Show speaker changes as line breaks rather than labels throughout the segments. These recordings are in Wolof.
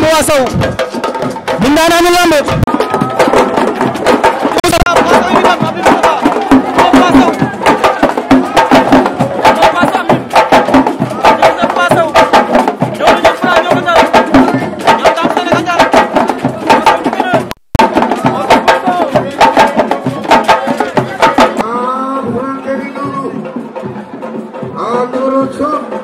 lamb waa Sow ñun daanaanu lamb
Andrew ah, ah, Trump.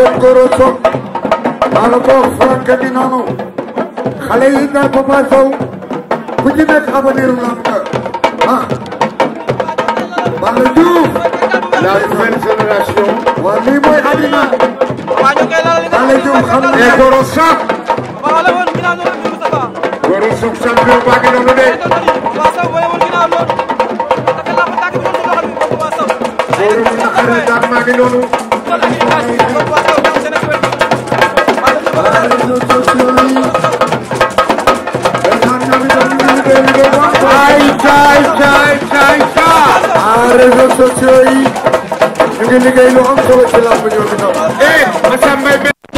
seen goro soog wala boog Frank bi noonu xale yi nga Papa Sow ku ci nekk avenir la nga ah Balla Diouf la nouvelle génération waa lii mooy àddina Balla Diouf xam na ne goro soog goro soog champion baa ngi noonu de goro mu naqari daan maa ngi noonu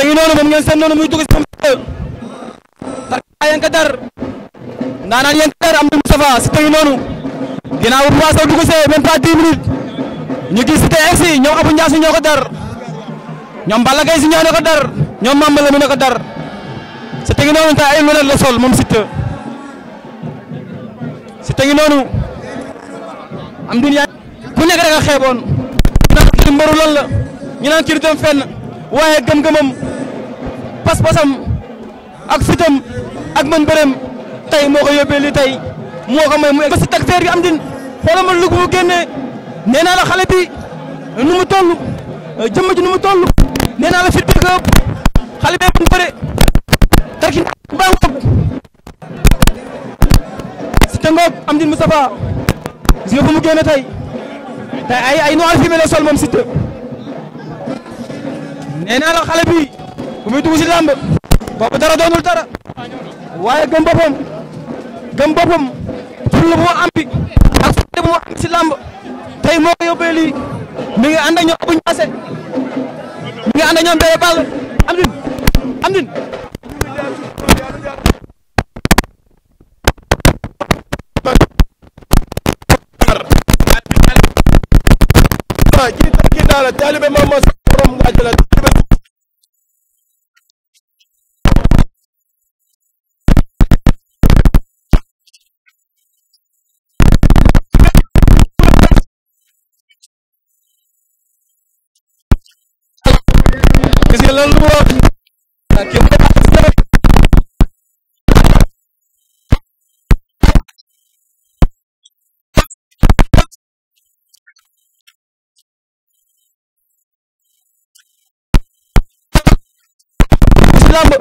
Léegi noonu moom ngeen seen noonu muy dugg si moom Tarkalla yéen Kader ndaanaan yéen Kader am na Moustapha si tey noonu ginnaaw bu Papa Sow dugg see même pas 10 minutes ñu gis si tey egg si ñoom Abou Ndiassou ñoo ko dar ñom Balla gay siñu ñoko dar ñom Mame la mi na ko dar ci te nonu ta ay lunette la sol mom sitte ci te nonu am din ya ku nek rek nga xeeboon ci mbaru lan la ñu nan ci dem fenn waye gem gemam pas-pasam ak fitam ak man bërëm tay moko ko li tay moko may mu egg si takteer yu am din xolam lu ko génnee néna la xalé bi nu mu toll jëmm ji nu mu nee naa la fit bi nga xale bee mën bëre tarki baa ngoog si te am din Moustapha gis mu génne tey tey ay ay noir fumé la sol moom si te nee naa la xale bi bu muy dugg si làmb boobu dara doonul dara waaye gëm boppam gëm boppam fulla bu mu am ak fulla bu mu am si làmb tey moo ko yóbbee lii mi bu ñu mi ngi ànd ak ñoom Bébé Balla am din am din ci taalibe moom moo Hallelujah. lamb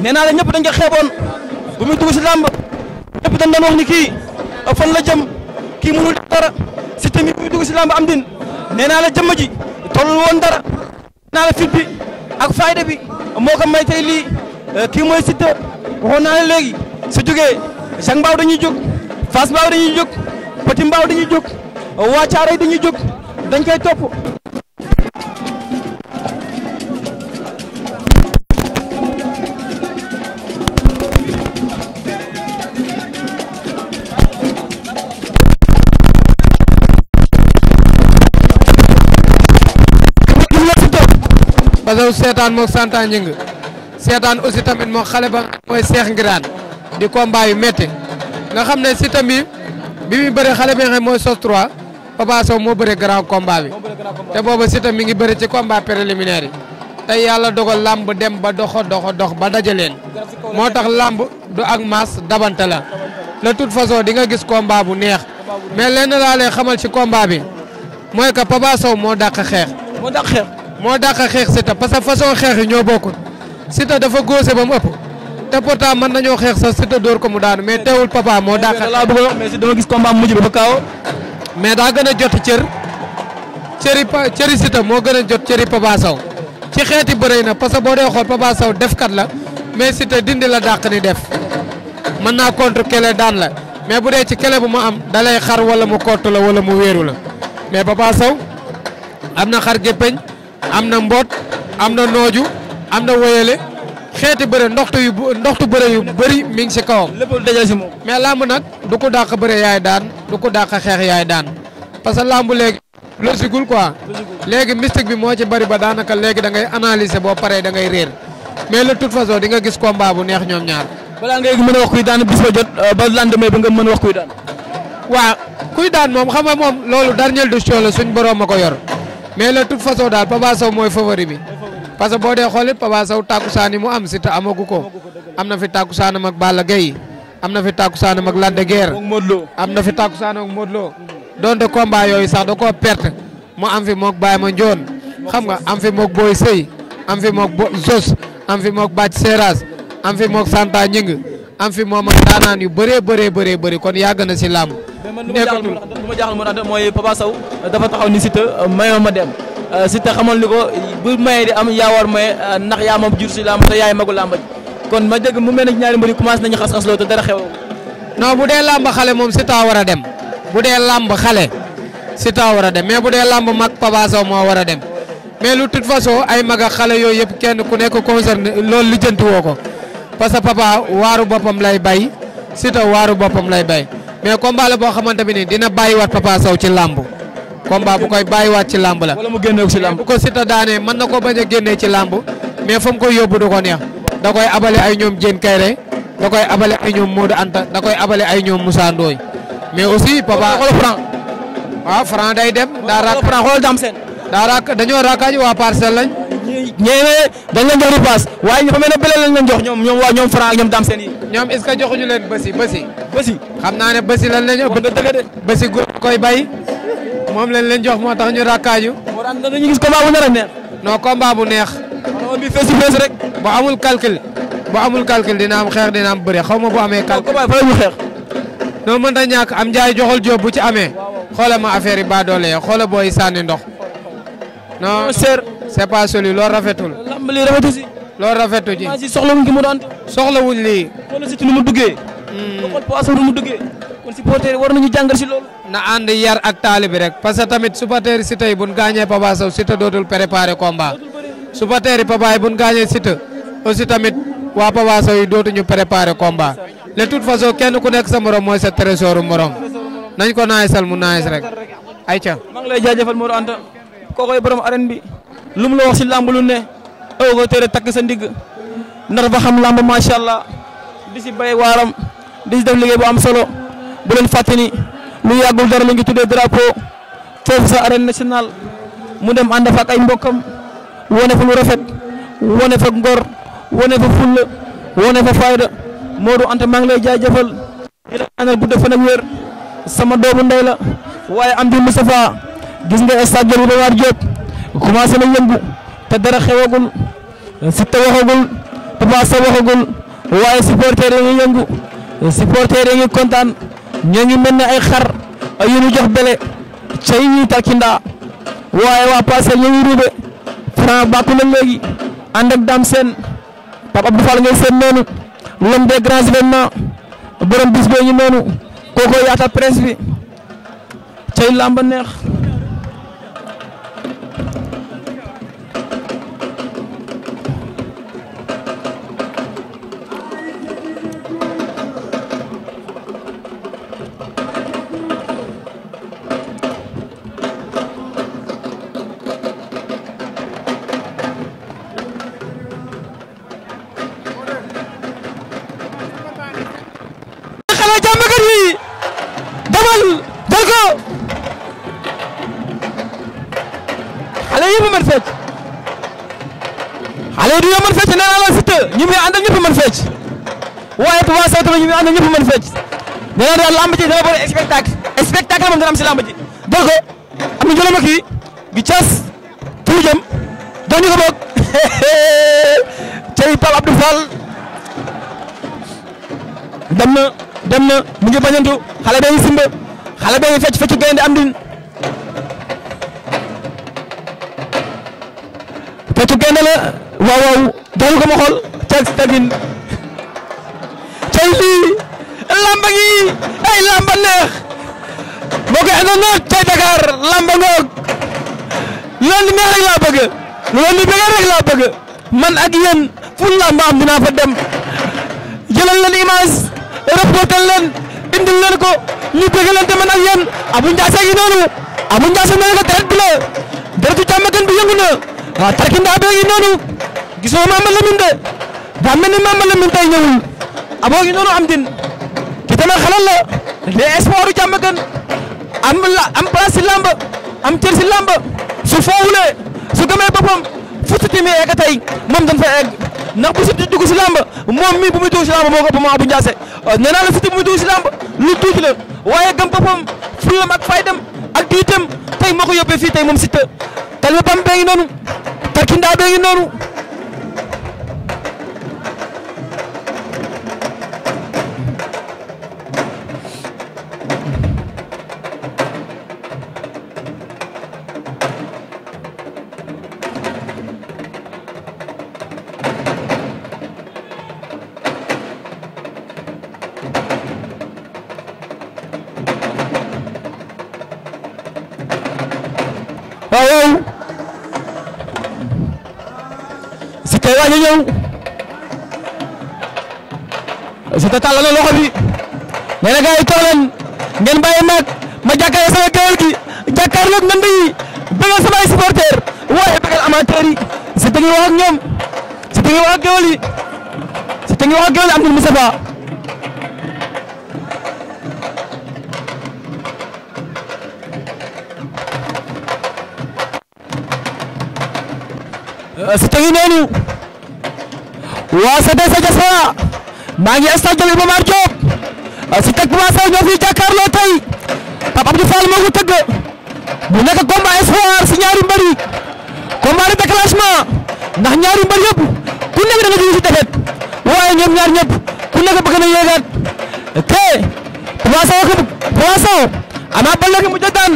nee la ñëpp dañ ko xeeboon bu muy dugg si lamb ñëpp dañ doon wax ni kii fan la jëm kii dara tamit bu muy lamb am din la ji dara la fit bi ak fayda bi moo ko may tey lii euh, kii mooy Siteu waxoon naa ne léegi su jógee Jang Mbaaw dañuy jóg Fass Mbaaw dañuy jóg pati Mbaaw dañuy jóg waa Caaray dañuy jóg dañ koy topp
seetaan moo Santa Ñing seetaan aussi tamit moo xale ba mooy Seex Ngiraan di combat yu métti nga xam ne si tamit bi muy bëre xale bi nga xam mooy sos 3 Papa moo bëre grand combat bi te booba si tamit mi ngi bëre ci combat préliminaire yi tey yàlla dogal làmb dem ba doxo doxo dox ba daja leen moo tax làmb du ak maas dabante la de toute façon di nga gis combat bu neex mais lenn laa lay xamal ci combat bi mooy que Papa moo dàq moo dàq xeex. moo dàq xeex Siteu parce que façon xeex yi ñoo bokk Siteu dafa góose ba mu ëpp te pourtant mën nañoo xeex sax Siteu dóor ko mu daanu mais teewul papa moo dàq. mais si dama gis combat mujj ba kaw. mais daa gën a jot cër cëri pa cëri Siteu moo gën a jot cëri Papa Sow ci xeeti bëre na parce que boo dee xool Papa Sow defkat la mais Siteu dindi la dàq ni def mën naa contre kele daan la mais bu dee ci kele bu ma am da xar wala mu kott la wala mu wéeru la mais Papa Sow am na mboot am na nooju am na woyale xeeti bëre ndoxtu yu ndoxtu bëre yu bëri mi ngi si kawam. lépp lu mais làmb nag du ko dàq bëre yaay daan du ko dàq xeex yaay daan parce que làmb léegi. logique quoi. léegi mystique bi moo ci bari ba daanaka léegi dangay ngay boo paree da ngay réer mais de toute façon di nga gis combat bu neex ñoom ñaar. balaa ngay mën a wax kuy daan bis ba jot euh, ba lendemain ba nga mën wax kuy daan. waaw kuy daan moom xam nga moom loolu dernier du show la suñ borom a ko yor mais de toute façon daal Papa mooy favori bi parce que boo dee xool it Papa Sow tàkkusaan yi mu am Siteu amagu ko am na fi tàkkusaanam ak Balla Gaye am na fi tàkkusaanam ak Lac de Guiers am na fi tàkkusaanam ak Modou Lo donte combat yooyu sax da koo perte mu am fi mook Baye ma Njoon xam nga am fi mook Boy Sey am fi mook Zos am fi mook Bac Seras am fi mook Santa Ñing am fi moom ak daanaan yu bëree bëree bëree bëri kon yàgg na si làmb. nekkatul mais ma jaaxal ma tax mooy Papa Sow dafa taxaw ni Siteu euh, mayoo ma dem
euh, Siteu xamal ni ko bu mayee di am yaa war maye euh, ndax yaa ma jur si làmb te yaay magu làmb
kon ma dégg mu mel ne ñaari mbir yi commencé nañu xas-xas loolu te dara xew. non bu dee làmb xale moom Siteu war a dem bu dee làmb xale Siteu war a dem mais bu dee làmb mag Papa moo war a dem mais lu toute façon ay mag ak xale yooyu yëpp kenn ku nekk concerné loolu lijjanti ko. parce que papa waaru boppam lay bay Siteu waaru boppam lay bay mais combat la boo xamante bi ni dina bàyyiwaat papa Sow ci làmb combat bu koy bàyyiwaat ci làmb la. wala mu génne ci làmb bu ko Siteu daanee mën na ko bañ a génnee ci làmb mais fa mu koy yóbbu du ko neex da koy abale ay ñoom Diène Kairé da koy abale ay ñoom Modou Anta da koy abale ay ñoom Moussa Ndoye mais aussi papa Franc day dem. daa raak xool Franc daa raak dañoo raakaaj waa parcelle lañ. ñeene dañ leen jox repasse waaye ñu fa mel ne bële lañ leen jox ñoom Franc ñoom Dame Sène yi. ñoom est-ce joxuñu leen bësi bësi. xam naa ne bësi lañu. wax nga dëgg koy bay moom lañ leen jox moo tax ñu rakkaaju. moo tax dañuy gis combat bu a neex. non combat bu neex. xaw bi amul calcul. bu amul calcul dina am xeex dina am bari xaw ma bu amee. calcul waaw combat fa la ñu xeex. mën na ñàkk am jaay joxol jóob bu ci amee. xoolal ma affaire yi ba doole ya xoolal booy sànni ndox c'est pas celui loolu rafetul. lamb lii rafetu si. loolu rafetu ji maa mu doon. soxlawuñ lii. xoolal si nu mu duggee. Hmm. si loolu. na ànd yar ak taali bi rek parce que tamit supporter si tey bu ñu gaañee Papa Sow si te dootul préparer komba supporter yi Papa yi bu ñu gaañee si te aussi tamit waa Papa Sow yi dootuñu préparer combat de toute façon kenn ku nekk sa morom mooy sa trésor morom nañ ko naajsal mu naaj rek ayca. maa lu mu la wax si làmb lu ne aw ko tere takk sa ndigg nar
ba xam làmb macha allah di si bay waaram di si def liggéey bu am solo bu leen fàtte ni lu yàggul dara la ngi tuddee drapeau foofu sa arène national mu dem ànd fa ak ay mbokkam wone fa lu rafet wone fa ngor wone fa fulla wone fa fayda Modou Anta maa ngi lay jaajëfal di bu def ak wér sama doomu ndey la waaye am di Moustapha gis nga stade Iba Mar Diop commencé na yëngu te dara xewagul Siteu waxagul Papa Sow waxagul waaye supporter yi ngi yëngu supporter yi kontaan ñoo ngi mel ne ay xar yu ñu jox bele cay ñuy Tarkinda waaye waa Parcelles ñu ngi ruube Franc bàkku na léegi ànd ak Dame Sène Pape Abdou Fall ngay seen noonu l'homme des grands événements borom bis bee ñu noonu kookoo yaatal presse bi cay làmb neex. ñi muy àndal ñëpp mën fecc waaye Papa Sow tamit ñi muy àndal ñëpp mën fecc nee naa daal lamb ji dana bëri spectacle spectacle moom dana am si lamb ji donc am na njëriñ ak yi gi Thiès fu jëm jox ko boog cey Pape Abdou Fall dem na dem na mu ngi bañantu xale bee simba xale bee ngi fecc feccu am din feccu gaynde la waaw waaw doon ko tastamin tey lii lamba gi ay lamba neex mbokk yi àndoon naa tey Dakar lamba ngoog loolu neex rek laa bëgg loolu bëgg rek laa bëgg man ak yéen lamba am dinaa fa dem jëlal leen image reporter leen indil leen ko ñu bëgg man ak yéen Abou Ndiassé noonu Abou Ndiassé noonu deret bi la deretu càmmakan bi yëngu na waaw tarkindaa bee ngi noonu gisuma ma daa mel ni Mama Lamine tey ñëwul aboo ngi noonu am din ki tamit xelal la les espoirs u am la am place si lamba am cër si lamba su foowulee su gëmee boppam fu si timi egg tey moom dañ fa egg ndax bu si dugg si lamba moom mii bu muy si lamba moo ko ëpp moom Abou euh, la si bu muy si lamba lu tuuti la waaye gëm boppam fulam ak faydam ak diitam tey moo ko yóbbee fii tey moom si te talibam bee noonu tarkindaa bee ngi noonu na ñëw Siteu tàllal na loxo bi nee na gars yi toog leen ngeen bàyyi maag ma jàkkaarloo gi jàkkaarloog ndënd yi bëggal samay supporter waaye yi Siteu ngi wax ak ñoom Siteu ngi wax ak géwél yi Siteu ngi wax ak géwél Amdi Moustapha euh, waa Cité sa diaspora maa ngi stade Iba Mar Diop Siteu Papa Sow ñoo fi jàkkaarloo tey Papa Abdou Fall moo ko tëgg bu nekk combat espoir si ñaari mbër yi combat de déclenchement ndax ñaari mbër yëpp ku nekk da nga defet waaye ñoom ñaar ñëpp ku nekk bëgg na yéegaat te Papa Sow ak Papa Sow Ama Baldé nga a daan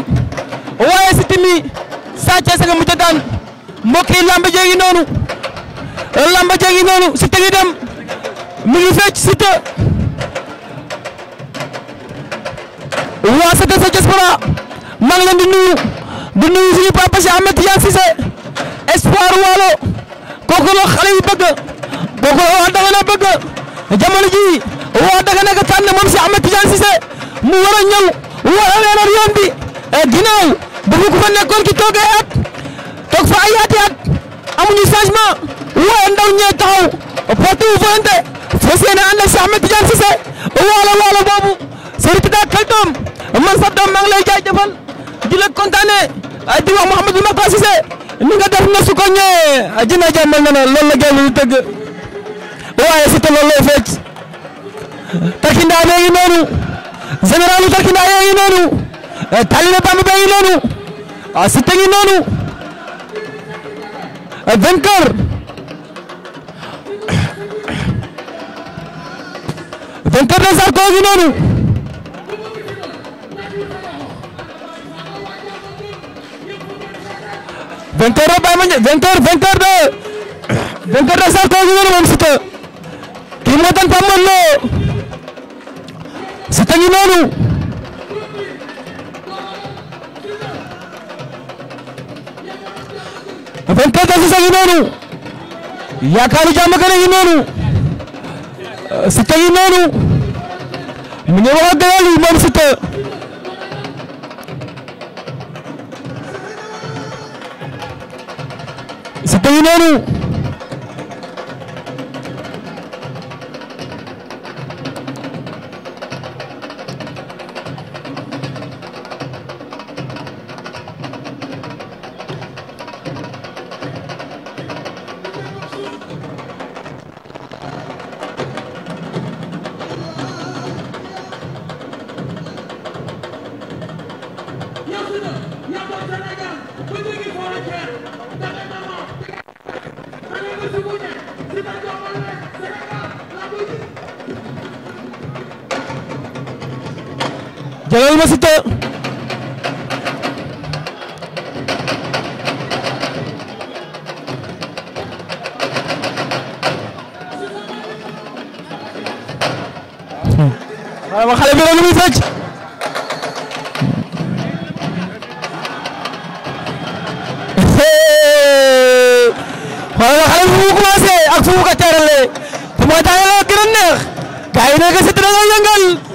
waaye Siteu mi Sa Thiès nga mujj a daan jee ngi lamba ba noonu si tegi dem mu ngi fecc si te waa sa sa diaspora maa ngi leen di nuyu di nuyu suñu papa si Ahmed Tidiane Cissé espoir waalo kooku la xale yi bëgg kooku la waa Dagana bëgg jamono waa Dagana nga tànn moom si Ahmed Tidiane Cissé mu war a ñëw war a leeral yoon bi eh, ginnaaw bu ko fa nekkoon ki toog ay at toog fa ay at amuñu changement woo ndaw ñee taxaw porte ouverte fas yéene ànd ak Cheikh Ahmed Tidiane Cissé waalo boobu sëriñ bi daal kaltoom man sa doom maa ngi lay jaajëfal di la kontaanee di wax Mouhamadou Makhtar Cissé ni nga def na su ko ñëwee dina jàmbal na ne loolu la gën lu tëgg waaye si te Tarkindaa bee ngi noonu général Tarkindaa yee ngi noonu Talibe Bamba bee ngi noonu Cissé ngi noonu vainqueur vainqueur de Zarko ngi noonu vainqueur de Baye Mandione vainqueur vainqueur de vainqueur de Zarko ngi noonu moom Siteu kii moo tan Pape Modou Lo Siteu ngi noonu vainqueur de Siteu ngi noonu yaakaaru jàmm gën a ngi noonu Siteu ngi noonu mu ngi wax ak Gaye Lô moom Siteu Siteu jëlal ma Siteu ma xale bi lu muy fecc xoolal xale bi fu ak fu mu ko teeralee fu mu ko teeralee gën a neex gars yi